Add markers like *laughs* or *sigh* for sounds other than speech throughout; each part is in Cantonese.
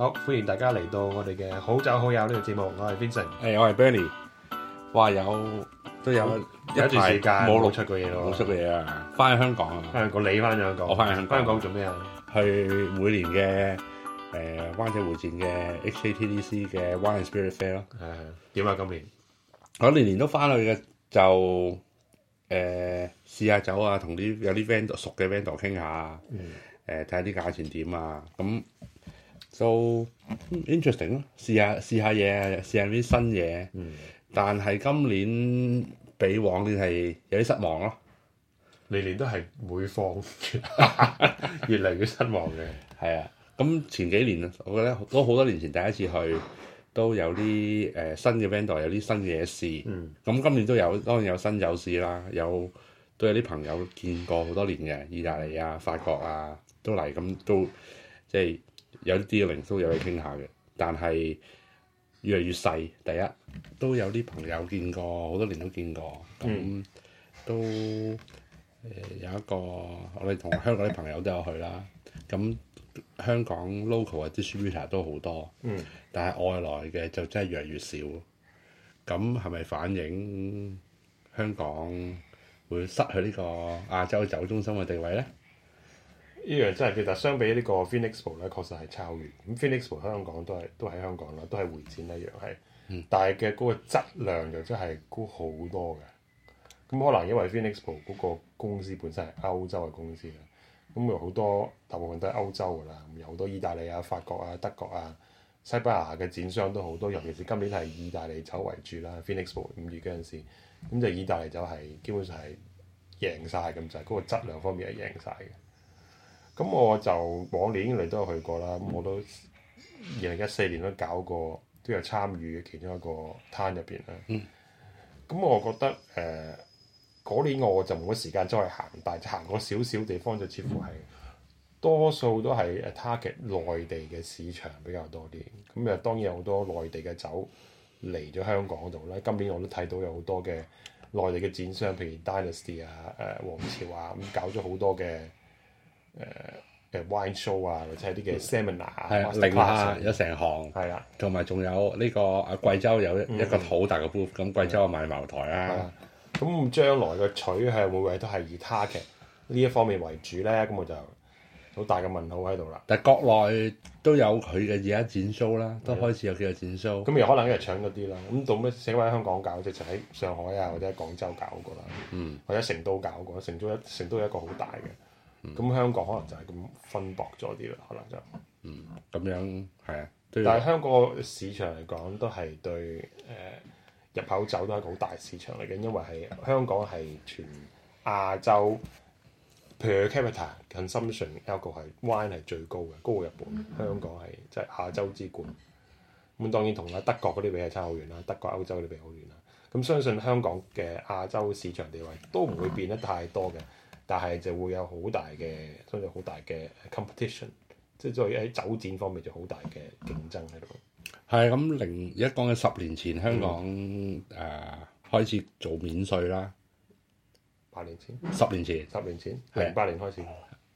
好，歡迎大家嚟到我哋嘅好酒好友呢個節目，我係 Vincent，誒，hey, 我係 Bernie，哇，有都有一段時間冇露出嘅嘢咯，冇出嘅嘢啊，翻香港啊，翻去你翻香港，我翻香港，翻香港，香港做咩啊？去每年嘅誒灣仔會展嘅 HKTDC 嘅 Wine Spirit Fair 咯，係點、嗯、啊？今年我年年都翻去嘅，就誒、呃、試下酒啊，同啲有啲 vendor 熟嘅 vendor 傾下，誒睇下啲價錢點啊，咁、嗯。做、so、interesting 咯，試下試下嘢，試下啲新嘢。但係今年比往年係有啲失望咯。年年都係會放，越嚟越失望嘅。係啊，咁前幾年啊，我覺得都好多年前第一次去，都有啲誒、呃、新嘅 vendor，有啲新嘢試。咁、嗯、今年都有，當然有新有事啦，有都有啲朋友見過好多年嘅，意大利啊、法國啊都嚟，咁都，都即係。有啲嘅零數有去傾下嘅，但係越嚟越細。第一都有啲朋友見過，好多年都見過，咁、嗯、都誒、呃、有一個我哋同香港啲朋友都有去啦。咁香港 local 啊、distributor 都好多，嗯、但係外來嘅就真係越嚟越少。咁係咪反映香港會失去呢個亞洲酒中心嘅地位咧？呢樣真係其實相比呢個 Phoenix 布咧，確實係抄完。咁 Phoenix 布香港都係都喺香港啦，都係會展一樣係，但係嘅嗰個質量就真係高好多嘅。咁可能因為 Phoenix 布嗰個公司本身係歐洲嘅公司啦，咁又好多大部分都係歐洲㗎啦，咁有好多意大利啊、法國啊、德國啊、西班牙嘅展商都好多，尤其是今年係意大利走為主啦。Phoenix 布五月嗰陣時，咁就意大利就係基本上係贏晒，咁滯，嗰個質量方面係贏晒。嘅。咁我就往年嚟都有去過啦，咁我都二零一四年都搞過，都有參與嘅其中一個攤入邊啦。咁、嗯、我覺得誒嗰、呃、年我就冇乜時間再行，但係行過少少地方就似乎係、嗯、多數都係誒 target 內地嘅市場比較多啲。咁誒當然有好多內地嘅酒嚟咗香港度咧。今年我都睇到有好多嘅內地嘅展商，譬如 Dynasty 啊、誒、呃、王朝啊，咁搞咗好多嘅。誒誒、uh, wine show 啊，或者啲嘅 seminar 啊、mm. master class,，零下有成行，係啦的，同埋仲有呢、呢個啊貴州有一一個好大嘅 booth，咁貴州賣茅台啦，咁將、嗯嗯嗯嗯、來嘅取向會唔會都係以他劇呢一方面為主咧？咁我就好大嘅問號喺度啦。但係國內都有佢嘅而家展 show 啦，都開始有叫做展 show，咁有、嗯、可能有搶因為搶嗰啲啦，咁到咩死鬼喺香港搞，即係喺上海啊，或者喺廣州搞過啦，mm. 或者成都搞過，成都一成都有一個好大嘅。咁、嗯、香港可能就係咁分薄咗啲啦，可能就嗯咁樣係啊，但係香港市場嚟講都係對誒、呃、入口酒都係一個好大市場嚟嘅，因為係香港係全亞洲，譬如 per capita consumption 一個係 wine 係最高嘅，高過日本，香港係即係亞洲之冠。咁當然同啊德國嗰啲比係差好遠啦，德國歐洲嗰啲比好遠啦。咁相信香港嘅亞洲市場地位都唔會變得太多嘅。但係就會有好大嘅，所以好大嘅 competition，即係作為喺酒展方面就好大嘅競爭喺度。係咁零，而家講緊十年前香港誒開始做免稅啦，八年前，十年前，十年前零八年開始。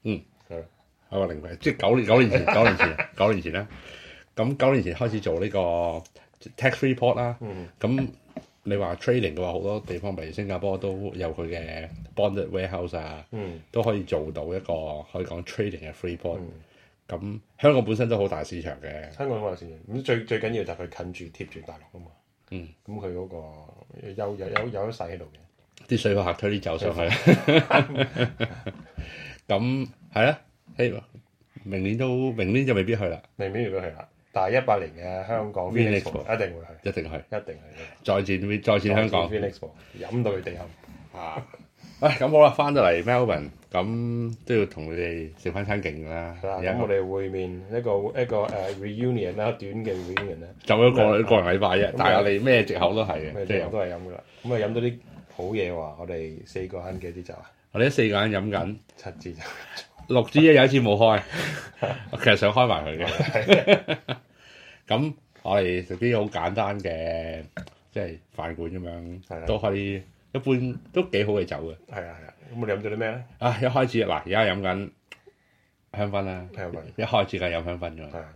嗯，係啦，係個零即係九九年前，九年，年前，九年前啦。咁九年, *laughs* 年前開始做呢、這個 tax free port 啦。Report，嗯。咁。你話 trading 嘅話，好多地方，譬如新加坡都有佢嘅 bonded warehouse 啊、嗯，都可以做到一個可以講 trading 嘅 freeport、嗯。咁香港本身都好大市場嘅，香港好大市場。咁最最緊要就係佢近住貼住大陸啊嘛。咁佢嗰個有有有啲勢喺度嘅，啲水貨客推啲走上去。咁係啦，希望明年都明年就未必去啦，明年如果去啦。但係一八年嘅香港，一定會去，一定去，一定去。再戰，再戰香港，飲到佢哋飲。啊！唉，咁我咧翻到嚟 Melbourne，咁都要同佢哋食翻餐勁㗎啦。咁我哋會面一個一個誒 reunion 啦，短嘅 reunion 啦，就過個禮拜啫。但係你咩藉口都係嘅，咩藉口都係飲㗎啦。咁啊飲到啲好嘢話，我哋四個人飲幾支酒啊？我哋四個人飲緊七支酒，六支嘅有一次冇開，我其實想開埋佢嘅。咁我哋食啲好簡單嘅，即係飯館咁樣都可以，一般都幾好嘅酒嘅。係啊係啊，咁你飲咗啲咩咧？啊一開始嗱而家飲緊香檳啦，香檳一開始梗係飲香檳咗。啊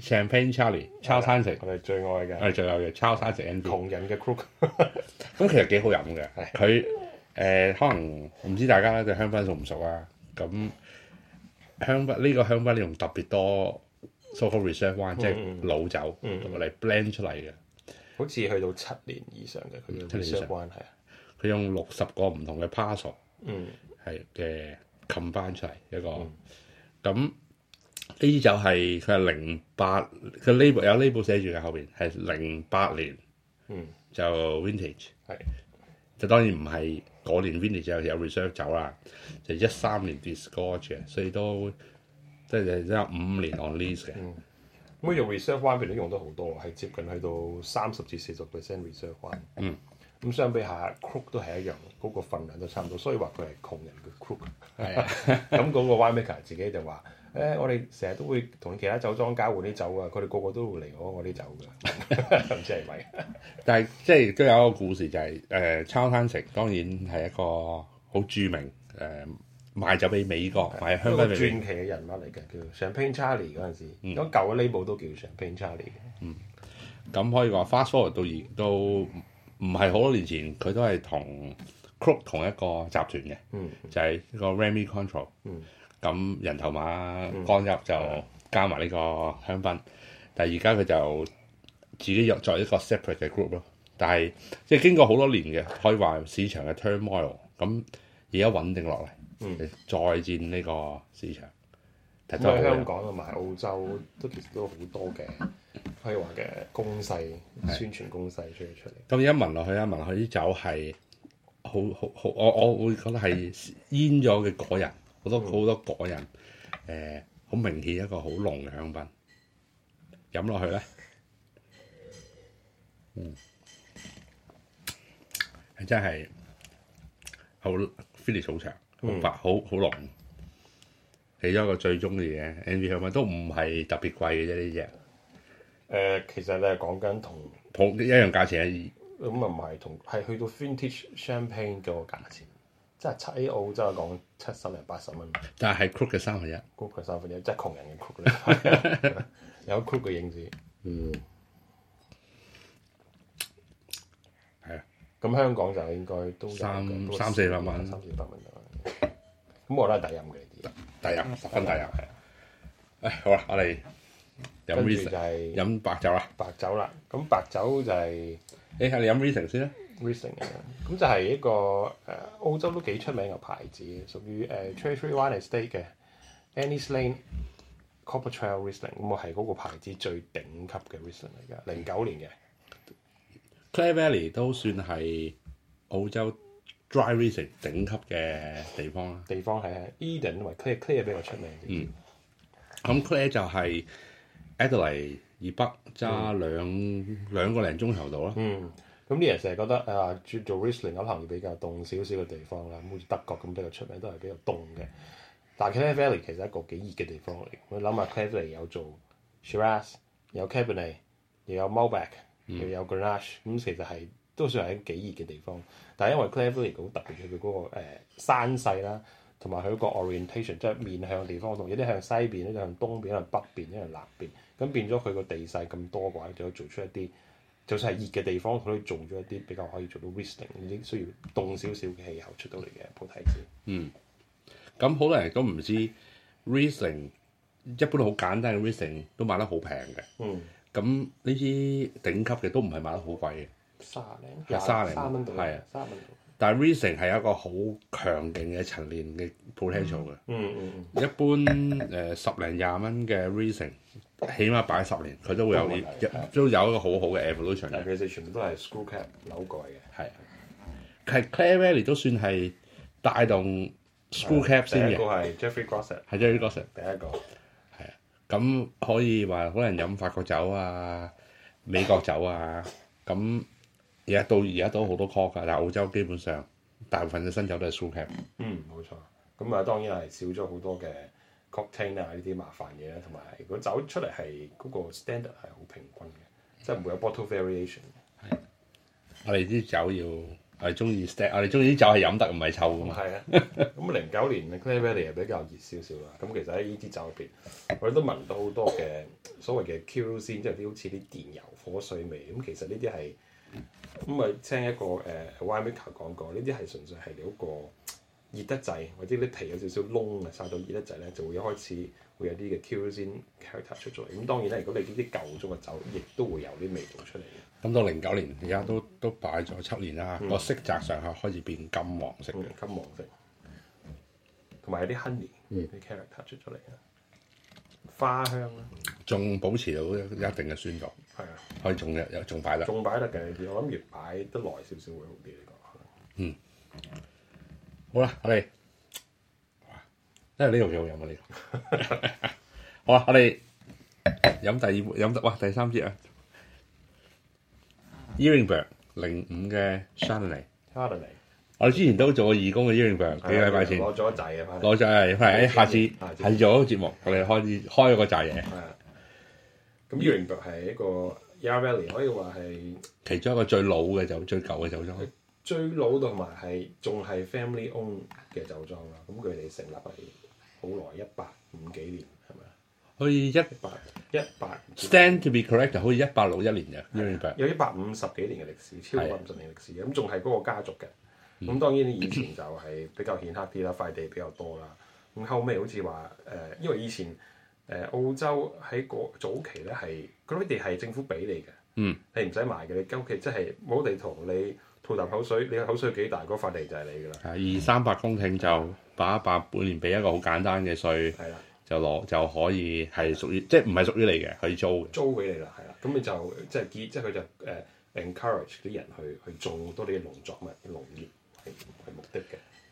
，Champagne Charlie 抄餐食係最愛嘅，我哋最有嘅抄餐食 ND 同人嘅 Cruet，咁其實幾好飲嘅。佢誒可能唔知大家咧對香檳熟唔熟啊？咁香檳呢個香檳用特別多。so-called reserve wine 即係老酒同埋嚟 blend 出嚟嘅，好似去到七年以上嘅佢用嘅相關係啊。佢用六十個唔同嘅 parcel，嗯，係嘅 combine 出嚟一個。咁呢支酒係佢係零八，佢、就是、label 有 label 寫住嘅後邊係零八年，嗯，就 vintage 係是，就當然唔係嗰年 vintage 有有 reserve 酒啦，就一、是、三年 disgorged，所以都。即係即係五年 on lees 嘅，咁、嗯 res 嗯、用 reserve wine 嗰都用得好多，係接近去到三十至四十 percent reserve wine 嗯，咁相比下，Krug 都係一樣，嗰、嗰個份量都差唔多，所以話佢係窮人嘅 Krug。係 *laughs* 啊的，咁嗰 *laughs* 個 winemaker 自己就話：，誒、欸，我哋成日都會同其他酒莊交換啲酒啊，佢哋個個都會嚟攞我啲酒㗎，咁 *laughs* *laughs* 即係咪？但係即係都有一個故事、就係，就係誒抄攤食，當然係一個好著名誒。呃賣咗俾美國，賣香港。都傳奇嘅人物嚟嘅，叫 Champagne Charlie 嗰陣時，咁舊嘅呢部都叫 Champagne Charlie 嘅。嗯，咁可以話 Fast Forward 到而都唔係好多年前，佢都係同 Crook 同一個集團嘅。嗯，就係呢個 Remy Control。嗯，咁、嗯、人頭馬干邑就加埋呢個香檳，嗯、但係而家佢就自己作為一個 separate 嘅 group 咯。但係即係經過好多年嘅，可以話市場嘅 turmoil 咁而家穩定落嚟。嗯、再戰呢個市場。咁香港同埋澳洲都其實都好多嘅規劃嘅攻勢，的宣傳攻勢出嚟。咁一聞落去，一聞落去啲酒係好好好，我我會覺得係煙咗嘅果仁，好多好、嗯、多果仁。誒、呃，好明顯一個好濃嘅香檳。飲落去咧，嗯，係真係好 finish 好長。明白、嗯，好好濃，起咗個最中意嘅 NV 香檳，it, 都唔係特別貴嘅啫，呢隻。誒、呃，其實你係講緊同同一樣價錢一二，咁唔係同係去到 vintage champagne 嗰個價錢，即係七 A 澳，1, 即係講七十零八十蚊。但係 cook 嘅三合一，cook 嘅三分一，即係窮人嘅 cook 啦， *laughs* *laughs* 有 cook 嘅影子。嗯。係啊，咁香港就應該都三三四百蚊。三四百蚊。咁 *laughs* 我都係抵飲嘅，抵飲十分抵飲係。誒，好啦，我哋飲 Riesling，飲白酒啦，白酒啦。咁白酒就係、欸，誒，係你飲 Riesling 先啦，Riesling。咁就係一個誒、呃，澳洲都幾出名嘅牌子，屬於誒 Treasury Wine Estate 嘅 Annie’s Lane *laughs* Coppertrail Riesling。咁我係嗰個牌子最頂級嘅 Riesling 嚟噶，零九年嘅。 *laughs* Clare Valley 都算係澳洲。dry Riesling 頂級嘅地方啦，地方係啊 Eden 或佢嘅 Clare Clare 比較出名啲。嗯，咁 Clare 就係 Adelaide 以北揸兩兩個零鐘頭度啦。嗯，咁啲人成日覺得啊、呃，做做 Riesling 可能要比較凍少少嘅地方啦，好似德國咁比較出名都係比較凍嘅。但係 Clare Valley 其實一個幾熱嘅地方嚟。我諗下 Clare Valley 有做 Shiraz，有 Cabernet，又有，有 Malbec 又有 Grenache 咁其實係。都算係一個幾熱嘅地方，但係因為 Clare Valley 好特別佢嗰、那個、呃、山勢啦，同埋佢個 orientation 即係面向地方，同有啲向西邊，有啲向東邊，有啲向北邊，有啲向南邊。咁變咗佢個地勢咁多嘅話，就可以做出一啲，就算係熱嘅地方，佢都可以種咗一啲比較可以做到 Riesling 啲需要凍少少嘅氣候出到嚟嘅菩提子。嗯，咁好多人都唔知 Riesling 一般好簡單嘅 Riesling 都買得好平嘅。嗯，咁呢啲頂級嘅都唔係買得好貴嘅。三零，三零，三蚊到，啊右，三蚊到。右對但係 Riesling 係係一個好強勁嘅陳年嘅 potential 嘅。嗯嗯嗯。一般誒、呃、十零廿蚊嘅 Riesling，起碼擺十年佢都會有都會有一個好好嘅 evolution 是。其實全部都係 screw cap 扭蓋嘅。係，係 Clare Valley 都算係帶動 screw cap 先嘅。第一個係 Jeffrey Grosset 係 Jeffrey Grosset 第一個係啊，咁可以話可能人飲法國酒啊、美國酒啊，咁。嗯而家到而家都好多 c a l l 噶，但澳洲基本上大部分嘅新酒都係 screwcap 嗯，冇錯。咁啊，當然係少咗好多嘅 cork taint 啊呢啲麻煩嘢啦，同埋如果走出嚟係嗰個 standard 係好平均嘅，即係唔會有 bottle variation。係。我哋啲酒要係中意 s t a *laughs* c 我哋中意啲酒係飲得唔係臭噶嘛。係啊。咁零九年 Clare Valley 比較熱少少啦。咁、嗯、其實喺呢啲酒入邊，我哋都聞到好多嘅所謂嘅 kerosene 先，即係啲好似啲電油、火水味。咁、嗯、其實呢啲係。咁啊，嗯、聽一個誒，winemaker 講過，呢啲係純粹係你一個熱得滯，或者啲皮有少少窿嘅，曬到熱得滯咧，就會一開始會有啲嘅 kerosene character 出咗嚟。咁、嗯、當然啦，如果你呢啲舊樽嘅酒，亦都會有啲味道出嚟。咁到零九年，而家都、嗯、都擺咗七年啦，個、嗯、色澤上下開始變金黃色嘅、嗯，金黃色，同埋有啲 honey 啲、嗯、character 出咗嚟啊，花香啦，仲保持到一定嘅酸度。可以重嘅，又重擺啦。仲擺得嘅，我諗越擺得耐少少會好啲呢個。嗯，好啦，我哋，因為呢度有飲啊呢個。好啦，我哋飲第二杯，飲得哇，第三支啊。Yeringberg 零五嘅 Chardonnay。Chardonnay。我哋之前都做過義工嘅 Yeringberg 幾個禮拜先？攞咗個掣啊嘛。攞咗係係喺下次，下次做一個節目，我哋開始開一個掣嘢。咁 Yeringberg 係一個。Yavelli 可以話係其中一個最老嘅酒、最舊嘅酒莊。最老同埋係仲係 family own 嘅酒莊啦。咁佢哋成立係好耐，一八五幾年係咪啊？好似一八一八。Stand to be correct 好似一八六一年嘅，你明，有一百五十幾年嘅歷史，超過一百五十年歷史。咁仲係嗰個家族嘅。咁當然以前就係比較顯赫啲啦，塊 *coughs* 地比較多啦。咁後尾好似話誒，因為以前。誒澳洲喺早期咧係嗰啲地係政府俾你嘅、嗯，你唔使買嘅，你鳩期即係冇地圖你吐啖口水，你口水幾大嗰塊地就係你噶啦，嗯、二三百公頃就擺一擺，每年俾一個好簡單嘅稅，的就攞就可以係屬於的即係唔係屬於你嘅，租租你 uh, 去租租俾你啦，係啦，咁你就即係即係佢就誒 encourage 啲人去去做多啲嘅農作物農業，係目的。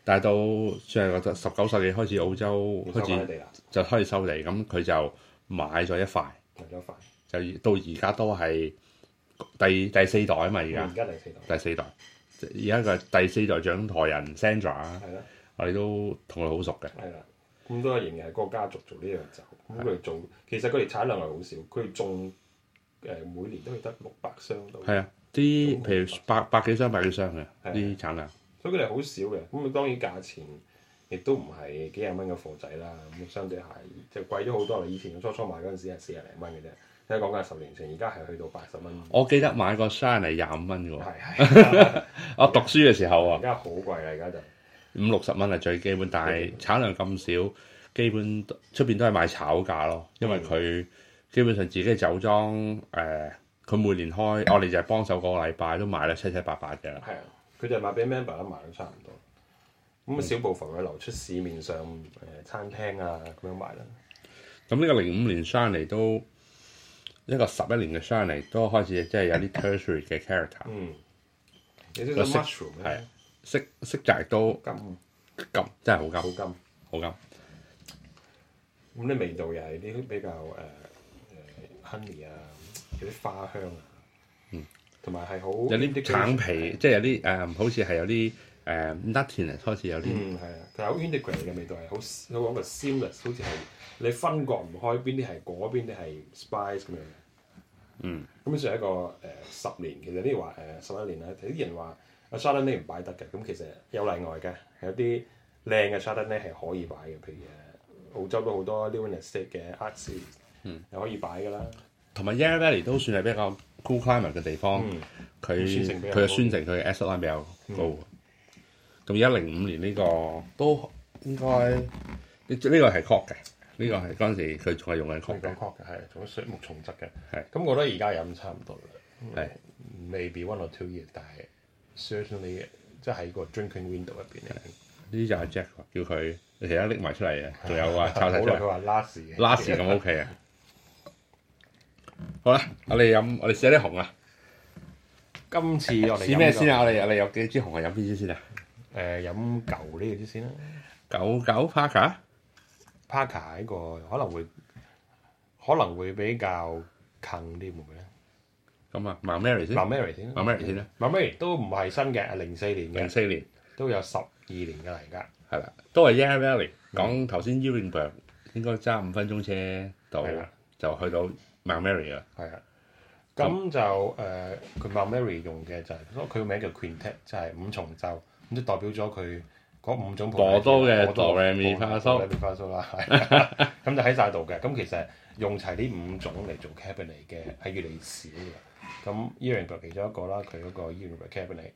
但係到算係覺得十九世紀開,開始，澳洲開始就開始收地，咁佢就買咗一塊，一塊就到而家都係第第四代啊嘛，而家而家第四代，第四代，而家就係第四代掌舵人 Sandra，的我哋都同佢好熟嘅。係啦，咁都仍然係嗰個家族做呢樣酒，咁佢的做。其實佢哋產量係好少，佢哋種誒每年都係得六百箱到。係啊，啲譬如百百幾箱百幾箱嘅啲產量。所以佢哋好少嘅，咁啊當然價錢亦都唔係幾十蚊嘅貨仔啦，咁相對係就貴咗好多啦。以前初初買嗰陣時係四十零蚊嘅啫，聽講緊係十年前，而家係去到八十蚊。我記得買個山係廿五蚊嘅喎。係。 *laughs* 我讀書嘅時候啊。而家好貴啦，而家就五六十蚊係最基本，但係產量咁少，基本出邊都係賣炒價咯。因為佢基本上自己酒莊誒，佢、呃、每年開我哋就係幫手個禮拜都買到七七八八嘅。係啊。佢就賣俾 member 啦，賣都差唔多。咁小部分佢流出市面上誒、呃、餐廳啊咁樣賣啦。咁呢、嗯、個零五年 Chardonnay 都一個十一年嘅 Chardonnay 都開始即係有啲 tertiary 嘅 character。嗯，係色呢色澤都金金，真係好金，好金，好金。咁啲味道又係啲比較誒、呃呃、honey 啊，有啲花香啊。嗯。同埋係好有啲橙皮，嗎即係有啲誒，uh, 好似係有啲誒、uh, nutty，開始有啲。嗯，係啊，但係好 integrated 嘅味道係好，好講個 seamless，好似係你分割唔開邊啲係果，邊啲係 spice 咁樣嘅。嗯。咁算係一個誒、呃、十年，其實啲話誒、呃、十一年啊，啲人話阿 Chardonnay 咧唔擺得嘅，咁其實有例外嘅，有啲靚嘅 Chardonnay 咧係可以擺嘅，譬如誒澳洲都好多 Leeuwin Estate 嘅 Art Series 嗯，又可以擺㗎啦。同埋 Yarra Valley 都算係比較。嗯嗯。Cool climate 嘅地方，佢佢嘅酸值佢嘅 S line 比較高。咁而家零五年呢個都應該，呢呢個係 cork 嘅，呢個係嗰陣時佢仲係用緊 cork 嘅，係仲係水木重質嘅，係。咁我覺得而家飲差唔多啦。係，maybe one or two year，但係 certainly 即係喺個 drinking window 入邊嘅。呢啲就係 Jack 叫佢其實拎埋出嚟嘅，仲有話抄曬佢話 last 嘅。last 咁 OK 啊？好啦，我哋飲，我哋試下啲紅啊！今次我哋試咩先啊？我哋我哋有幾支紅啊？飲邊支先啊？誒，飲舊呢支先啦。九九 Parker，Parker 呢個可能會可能會比較近啲，會唔會咧？咁啊，Mary 先，Mary 先，Mary 先啦，Mary 都唔係新嘅，係零四年嘅，零四年都有十二年㗎喇，而家。係啦，都係 Yarra Valley。講頭先 Yeringberg，應該揸五分鐘車到就去到。Mount Mary 啊，係啊，咁就誒佢 Mount Mary 用嘅就係，佢個名叫 Quintet，就係五重奏，咁就代表咗佢嗰五種葡萄嘅。多嘅，多。葡萄，梅巴蘇啦，梅巴蘇啦，係。咁就喺曬度嘅。咁其實用齊呢五種嚟做 cabinet 嘅係越嚟越少嘅。咁 Europe 其中一個啦，佢嗰個 Europe cabinet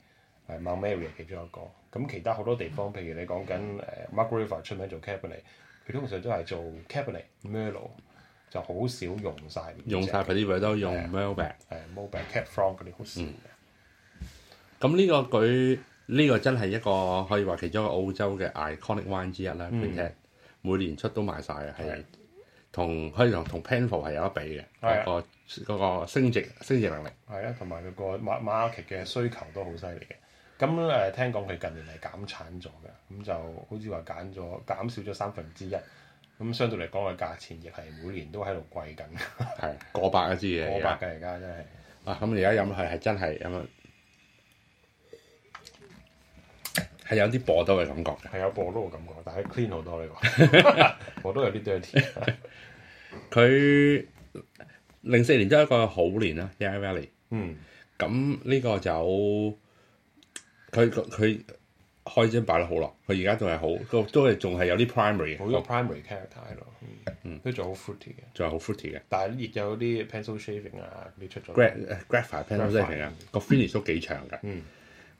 係 Mount Mary 其中一個。咁其他好多地方，譬如你講緊誒 Margrave 出名做 cabinet，佢通常都係做 cabinet merlot a。就好少用晒，用晒佢啲位都用 mobile 誒 mobile cat from 啲好少咁，呢個佢呢個真係一個可以話其中一個澳洲嘅 iconic one 之一啦。並且每年出都賣曬嘅，係啊，同可以同同 Penfolds 係有得比嘅，嗰個升值升值能力。係啊，同埋嗰個 market 嘅需求都好犀利嘅。咁誒聽講佢近年係減產咗嘅，咁就好似話減咗減少咗三分之一。咁相對嚟講嘅價錢，亦係每年都喺度貴緊。係過百一支嘢。過百嘅而家真係。啊，咁你而家飲係係真係咁啊，係有啲薄到嘅感覺嘅。係有薄到嘅感覺，但係 clean 好多呢個。 *laughs* *laughs* 我都有啲 dirty。佢零四年都係一個好年啦，Yarra Valley。嗯。咁呢個就佢佢。開張擺得好咯，佢而家仲係好，都都係仲係有啲 primary，好多 primary character 咯，嗯，都仲好 fruity 嘅，仲係好 fruity 嘅，但係亦有啲 pencil shaving 啊啲出咗 graph，graphite pencil shaving 啊，個 finish 都幾長嘅，嗯，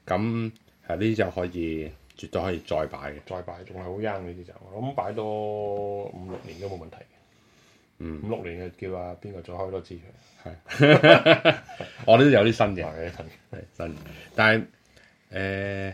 咁係呢就可以，絕對可以再擺嘅，再擺仲係好 young 呢啲就，我諗擺多五六年都冇問題，嗯，五六年就叫啊邊個再開多支佢，係，我呢都有啲新嘅，新，但係誒。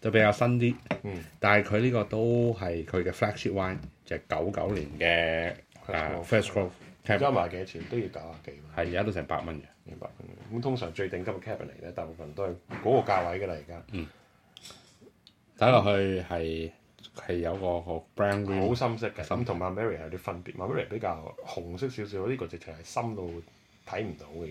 就比較新啲，但係佢呢個都係佢嘅 flagship wine，就係九九年嘅啊 first growth。而家幾多錢？都要九啊幾蚊。係而家都成百蚊嘅，百蚊。咁通常最頂級嘅 Cabernet 咧，大部分都係嗰個價位嘅啦，而家。睇落去係係有個個 brand 好深色嘅，咁同埋 Mary 有啲分別，Mary 比較紅色少少，呢個直情係深到睇唔到嘅，完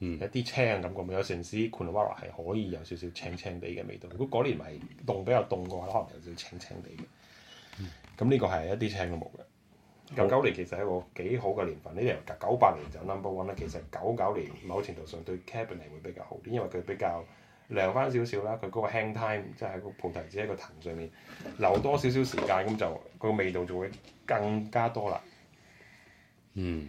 嗯、一啲青感嘅木，有陣時 Coonawarra 係可以有少少青青地嘅味道。如果嗰年咪凍比較凍嘅話，可能有少少青青地嘅。咁呢、嗯、個係一啲青都冇嘅。好九九年其實係一個幾好嘅年份。呢啲好九八年就 Number One 啦，其實九九年某程度上對 Cabernet 會比較好啲，因為佢比較涼翻少少啦。佢嗰個 Hang Time 即係個葡提子喺個藤上面留多少少時間，咁就個味道就會更加多啦。嗯。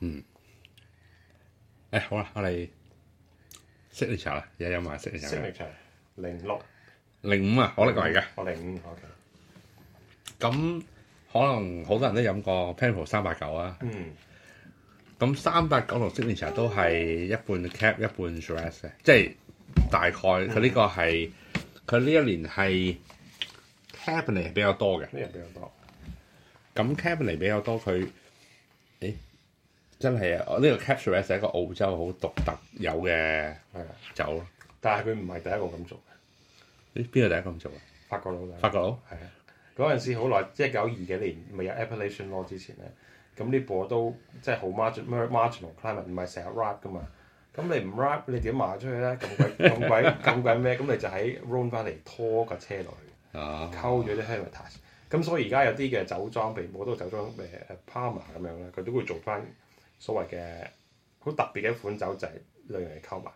嗯，誒、哎，好啦，我哋 signature 啦，而家飲埋 signature，signature 零六，零五啊，我呢個嚟嘅，我零五，好嘅。咁可能好多人都飲過 Penfolds 三百九啊，嗯，咁三百九同 signature 都係一半 cap 一半 dress 嘅，即係大概佢呢個係佢呢一年係 cabernet 比較多嘅，呢樣比較多。咁 cabernet 比較多佢。真係啊！我、這、呢個 capture 石係一個澳洲好獨特有嘅酒咯。但係佢唔係第一個咁做嘅。咦？邊個第一個咁做啊？法國佬嚟。法國佬係啊！嗰陣時好耐，即係一九二幾年未有 appellation law 之前咧，咁呢部都即係、就、好、是、margin marginal climate，唔係成日 rap 噶嘛。咁你唔 rap，你點賣出去咧？咁鬼咁鬼咁鬼咩？咁 *laughs* 你就喺 Rhone 翻嚟拖架車落去，溝咗啲 hermitage。咁、啊、所以而家有啲嘅酒莊，譬如好多酒莊誒、啊、Palmer 咁樣咧，佢都會做翻，所謂嘅好特別嘅一款酒就係兩樣嚟溝埋，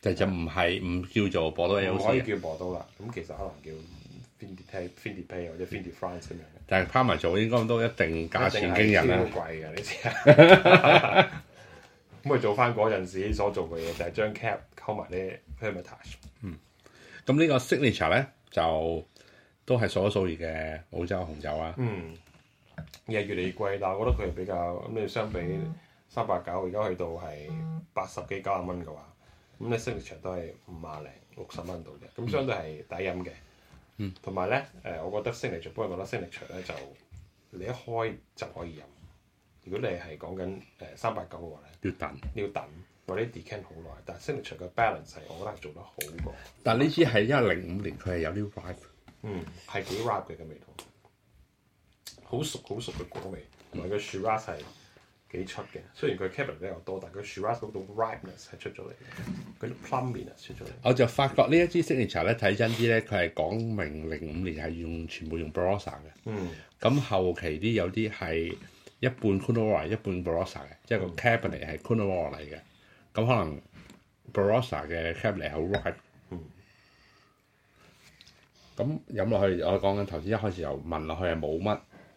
就係、就唔係唔叫做勃多優士，唔可以叫勃多啦。咁其實可能叫 Vin de Pays 或者 Vin de France 咁樣。但係 Palmer 做應該都一定價錢驚人，好超貴㗎呢啲，咁佢做翻嗰陣時所做嘅嘢，就係將 Cab 溝埋啲 Hermitage。嗯，咁呢個 signature 咧就都係數一數二嘅澳洲紅酒啊。嗯。而係越嚟越貴，但係我覺得佢係比較咁。你相比三八九，而家去到係八十幾九十蚊嘅話，咁你 signature 都係五啊零六十蚊度嘅，咁相對係抵飲嘅。同埋咧，誒，我覺得 signature 不過我覺得 signature 咧就你一開就可以飲。如果你係講緊誒三八九嘅話咧，要等要等，或者 decant 好耐。但 signature 嘅 balance 係我覺得係做得好過。但係呢支係零五年，佢係有啲 ripe，嗯，係幾 ripe 嘅嘅味道。好熟好熟嘅果味，同埋個 Shiraz 係幾出嘅。雖然佢 Cabernet 比較多，但係佢 Shiraz 嗰種 ripeness 係出咗嚟嘅。佢啲 plummy 出咗嚟。我就發覺一呢一支 Signature 咧睇真啲咧，佢係講明零五年係用全部用 Barossa 嘅。嗯。咁後期啲有啲係一半 Coonawarra 一半 Barossa 嘅，嗯，即係個 Cabernet 係 Coonawarra 嚟嘅。咁可能 Barossa 嘅 Cabernet 好 ripe。咁飲落去，我講緊頭先一開始又聞落去係冇乜。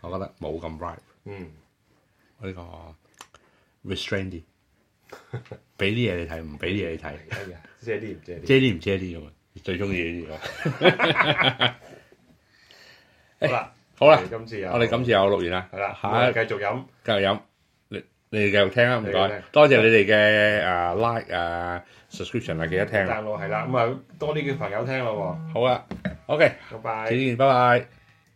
我覺得冇咁 ripe。嗯，呢個 restraint，俾啲嘢你睇，唔俾啲嘢你睇。遮啲唔遮啲，遮啲唔遮啲咁啊！最中意呢啲咯。好啦，好啦，今次我哋今次又錄完啦。係啦，吓，繼續飲，繼續飲。你你哋繼續聽啦，唔該，多謝你哋嘅啊 like 啊 subscription 啊，記得聽。係啦，咁啊多啲叫朋友聽咯。好啦，OK，拜拜，再見，拜拜。